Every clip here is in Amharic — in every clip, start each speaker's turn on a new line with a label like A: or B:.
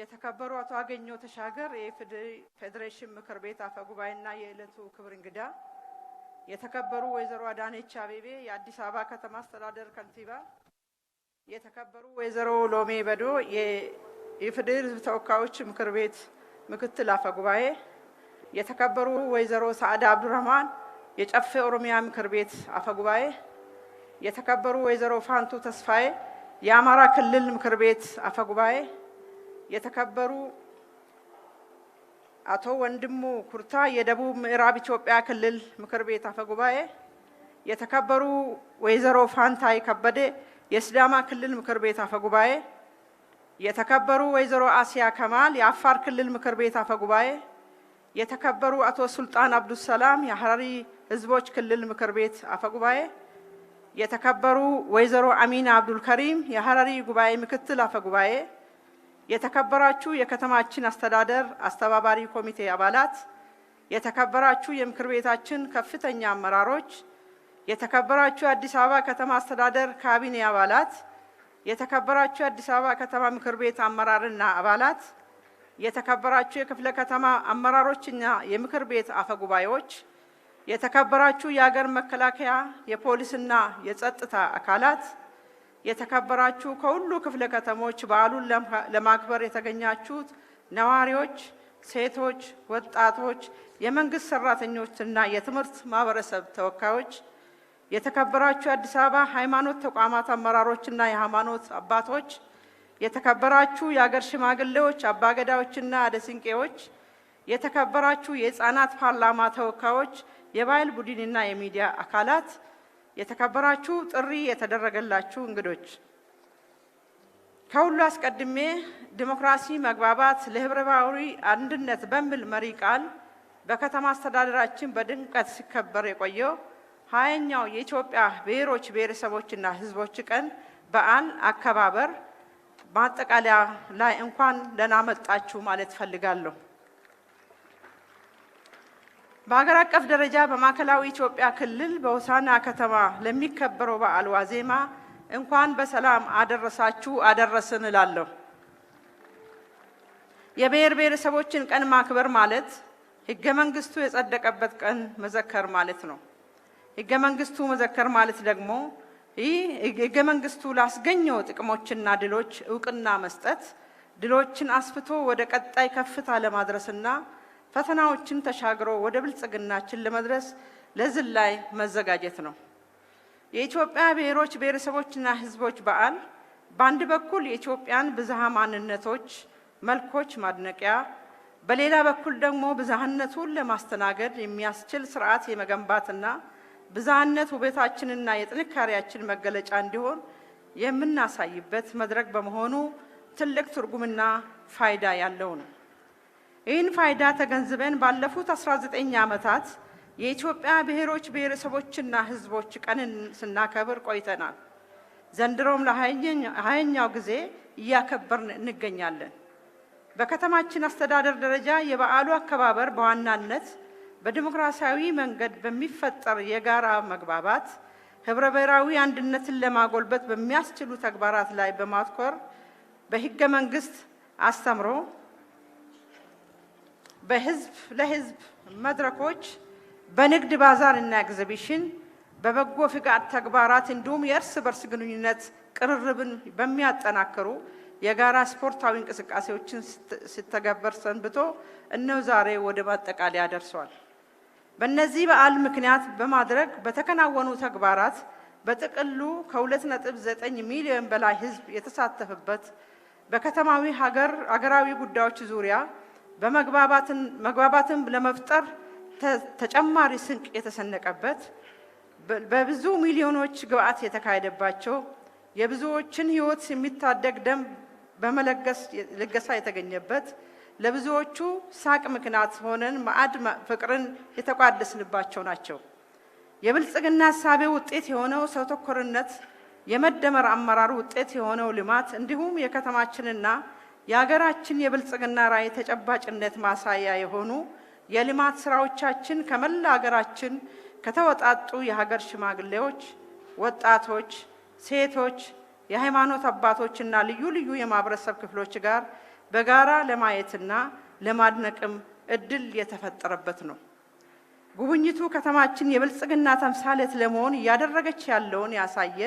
A: የተከበሩ አቶ አገኘው ተሻገር የኢፌዴሪ ፌዴሬሽን ምክር ቤት አፈ ጉባኤና የዕለቱ ክብር እንግዳ፣ የተከበሩ ወይዘሮ አዳነች አቤቤ የአዲስ አበባ ከተማ አስተዳደር ከንቲባ፣ የተከበሩ ወይዘሮ ሎሜ በዶ የኢፌዴሪ ሕዝብ ተወካዮች ምክር ቤት ምክትል አፈ ጉባኤ፣ የተከበሩ ወይዘሮ ሰዓዳ አብዱረህማን የጨፌ ኦሮሚያ ምክር ቤት አፈ ጉባኤ፣ የተከበሩ ወይዘሮ ፋንቱ ተስፋዬ የአማራ ክልል ምክር ቤት አፈ ጉባኤ የተከበሩ አቶ ወንድሙ ኩርታ የደቡብ ምዕራብ ኢትዮጵያ ክልል ምክር ቤት አፈ ጉባኤ፣ የተከበሩ ወይዘሮ ፋንታይ ከበደ የስዳማ ክልል ምክር ቤት አፈ ጉባኤ፣ የተከበሩ ወይዘሮ አሲያ ከማል የአፋር ክልል ምክር ቤት አፈ ጉባኤ፣ የተከበሩ አቶ ሱልጣን አብዱሰላም የሀረሪ ህዝቦች ክልል ምክር ቤት አፈ ጉባኤ፣ የተከበሩ ወይዘሮ አሚና አብዱልከሪም የሀረሪ ጉባኤ ምክትል አፈ ጉባኤ የተከበራችሁ የከተማችን አስተዳደር አስተባባሪ ኮሚቴ አባላት፣ የተከበራችሁ የምክር ቤታችን ከፍተኛ አመራሮች፣ የተከበራችሁ የአዲስ አበባ ከተማ አስተዳደር ካቢኔ አባላት፣ የተከበራችሁ የአዲስ አበባ ከተማ ምክር ቤት አመራርና አባላት፣ የተከበራችሁ የክፍለ ከተማ አመራሮችና የምክር ቤት አፈጉባኤዎች፣ የተከበራችሁ የአገር መከላከያ የፖሊስና የጸጥታ አካላት የተከበራችሁ ከሁሉ ክፍለ ከተሞች በዓሉን ለማክበር የተገኛችሁት ነዋሪዎች፣ ሴቶች፣ ወጣቶች፣ የመንግስት ሰራተኞችና የትምህርት ማህበረሰብ ተወካዮች፣ የተከበራችሁ የአዲስ አበባ ሃይማኖት ተቋማት አመራሮችና የሃይማኖት አባቶች፣ የተከበራችሁ የአገር ሽማግሌዎች፣ አባገዳዎችና አደስንቄዎች፣ የተከበራችሁ የህፃናት ፓርላማ ተወካዮች፣ የባህል ቡድንና የሚዲያ አካላት የተከበራችሁ ጥሪ የተደረገላችሁ እንግዶች፣ ከሁሉ አስቀድሜ ዲሞክራሲ፣ መግባባት ለህብረባዊ አንድነት በሚል መሪ ቃል በከተማ አስተዳደራችን በድምቀት ሲከበር የቆየው ሀያኛው የኢትዮጵያ ብሔሮች ብሔረሰቦችና ህዝቦች ቀን በዓል አከባበር ማጠቃለያ ላይ እንኳን ደህና መጣችሁ ማለት እፈልጋለሁ። በሀገር አቀፍ ደረጃ በማዕከላዊ ኢትዮጵያ ክልል በሆሳና ከተማ ለሚከበረው በዓል ዋዜማ እንኳን በሰላም አደረሳችሁ አደረስን እላለሁ። የብሔር ብሔረሰቦችን ቀን ማክበር ማለት ህገ መንግስቱ የጸደቀበት ቀን መዘከር ማለት ነው። ህገ መንግስቱ መዘከር ማለት ደግሞ ይህ ሕገ መንግስቱ ላስገኘው ጥቅሞችና ድሎች እውቅና መስጠት፣ ድሎችን አስፍቶ ወደ ቀጣይ ከፍታ ለማድረስና ፈተናዎችን ተሻግሮ ወደ ብልጽግናችን ለመድረስ ለዝላይ መዘጋጀት ነው። የኢትዮጵያ ብሔሮች ብሔረሰቦችና ሕዝቦች በዓል በአንድ በኩል የኢትዮጵያን ብዝሃ ማንነቶች መልኮች ማድነቂያ፣ በሌላ በኩል ደግሞ ብዝሃነቱን ለማስተናገድ የሚያስችል ስርዓት የመገንባትና ብዝሃነት ውበታችንና የጥንካሬያችን መገለጫ እንዲሆን የምናሳይበት መድረክ በመሆኑ ትልቅ ትርጉምና ፋይዳ ያለው ነው። ይህን ፋይዳ ተገንዝበን ባለፉት 19 ዓመታት የኢትዮጵያ ብሔሮች ብሔረሰቦችና ሕዝቦች ቀንን ስናከብር ቆይተናል። ዘንድሮም ለሀያኛው ጊዜ እያከበርን እንገኛለን። በከተማችን አስተዳደር ደረጃ የበዓሉ አከባበር በዋናነት በዲሞክራሲያዊ መንገድ በሚፈጠር የጋራ መግባባት ህብረ ብሔራዊ አንድነትን ለማጎልበት በሚያስችሉ ተግባራት ላይ በማትኮር በሕገ መንግስት አስተምሮ በህዝብ ለህዝብ መድረኮች፣ በንግድ ባዛር እና ኤግዚቢሽን፣ በበጎ ፍቃድ ተግባራት እንዲሁም የእርስ በርስ ግንኙነት ቅርርብን በሚያጠናክሩ የጋራ ስፖርታዊ እንቅስቃሴዎችን ሲተገበር ሰንብቶ እነው ዛሬ ወደ ማጠቃለያ ደርሷል። በእነዚህ በዓል ምክንያት በማድረግ በተከናወኑ ተግባራት በጥቅሉ ከ2.9 ሚሊዮን በላይ ህዝብ የተሳተፈበት በከተማዊ ሀገር አገራዊ ጉዳዮች ዙሪያ በመግባባትን ለመፍጠር ተጨማሪ ስንቅ የተሰነቀበት በብዙ ሚሊዮኖች ግብአት የተካሄደባቸው የብዙዎችን ህይወት የሚታደግ ደም በመለገስ ልገሳ የተገኘበት ለብዙዎቹ ሳቅ ምክንያት ሆነን ማዕድ ፍቅርን የተቋደስንባቸው ናቸው። የብልጽግና ሀሳቤ ውጤት የሆነው ሰው ተኮርነት የመደመር አመራር ውጤት የሆነው ልማት እንዲሁም የከተማችንና የሀገራችን የብልጽግና ራዕይ ተጨባጭነት ማሳያ የሆኑ የልማት ስራዎቻችን ከመላ ሀገራችን ከተወጣጡ የሀገር ሽማግሌዎች፣ ወጣቶች፣ ሴቶች፣ የሃይማኖት አባቶችና ልዩ ልዩ የማህበረሰብ ክፍሎች ጋር በጋራ ለማየትና ለማድነቅም እድል የተፈጠረበት ነው። ጉብኝቱ ከተማችን የብልጽግና ተምሳሌት ለመሆን እያደረገች ያለውን ያሳየ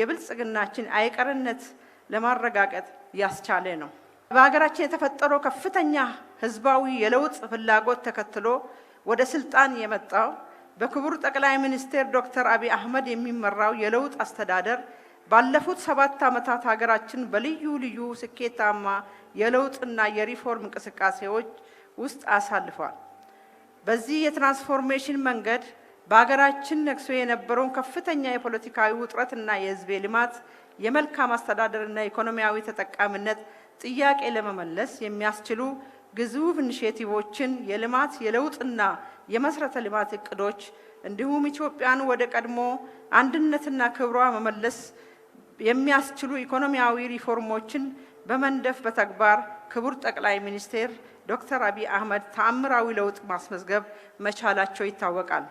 A: የብልጽግናችን አይቀርነት ለማረጋገጥ ያስቻለ ነው። በሀገራችን የተፈጠረው ከፍተኛ ህዝባዊ የለውጥ ፍላጎት ተከትሎ ወደ ስልጣን የመጣው በክቡር ጠቅላይ ሚኒስትር ዶክተር አብይ አህመድ የሚመራው የለውጥ አስተዳደር ባለፉት ሰባት ዓመታት ሀገራችን በልዩ ልዩ ስኬታማ የለውጥና የሪፎርም እንቅስቃሴዎች ውስጥ አሳልፏል። በዚህ የትራንስፎርሜሽን መንገድ በሀገራችን ነግሶ የነበረውን ከፍተኛ የፖለቲካዊ ውጥረትና የህዝብ ልማት፣ የመልካም አስተዳደርና ኢኮኖሚያዊ ተጠቃሚነት ጥያቄ ለመመለስ የሚያስችሉ ግዙፍ ኢኒሼቲቮችን የልማት የለውጥና የመሰረተ ልማት እቅዶች እንዲሁም ኢትዮጵያን ወደ ቀድሞ አንድነትና ክብሯ መመለስ የሚያስችሉ ኢኮኖሚያዊ ሪፎርሞችን በመንደፍ በተግባር ክቡር ጠቅላይ ሚኒስቴር ዶክተር አብይ አህመድ ተአምራዊ ለውጥ ማስመዝገብ መቻላቸው ይታወቃል።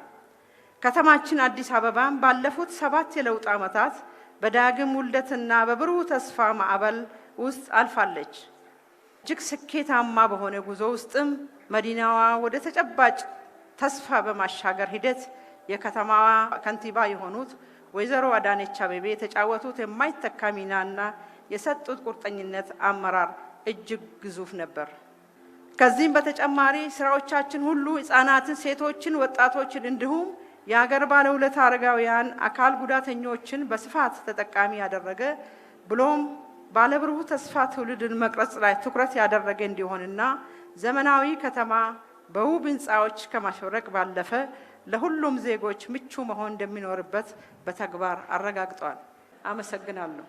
A: ከተማችን አዲስ አበባ ባለፉት ሰባት የለውጥ ዓመታት በዳግም ውልደትና በብሩህ ተስፋ ማዕበል ውስጥ አልፋለች። እጅግ ስኬታማ በሆነ ጉዞ ውስጥም መዲናዋ ወደ ተጨባጭ ተስፋ በማሻገር ሂደት የከተማዋ ከንቲባ የሆኑት ወይዘሮ አዳነች አቤቤ የተጫወቱት የማይተካ ሚናና የሰጡት ቁርጠኝነት አመራር እጅግ ግዙፍ ነበር። ከዚህም በተጨማሪ ስራዎቻችን ሁሉ ህጻናትን፣ ሴቶችን፣ ወጣቶችን እንዲሁም የሀገር ባለውለታ አረጋውያን፣ አካል ጉዳተኞችን በስፋት ተጠቃሚ ያደረገ ብሎም ባለብሩህ ተስፋ ትውልድን መቅረጽ ላይ ትኩረት ያደረገ እንዲሆንና ዘመናዊ ከተማ በውብ ህንፃዎች ከማሸብረቅ ባለፈ ለሁሉም ዜጎች ምቹ መሆን እንደሚኖርበት በተግባር አረጋግጧል። አመሰግናለሁ።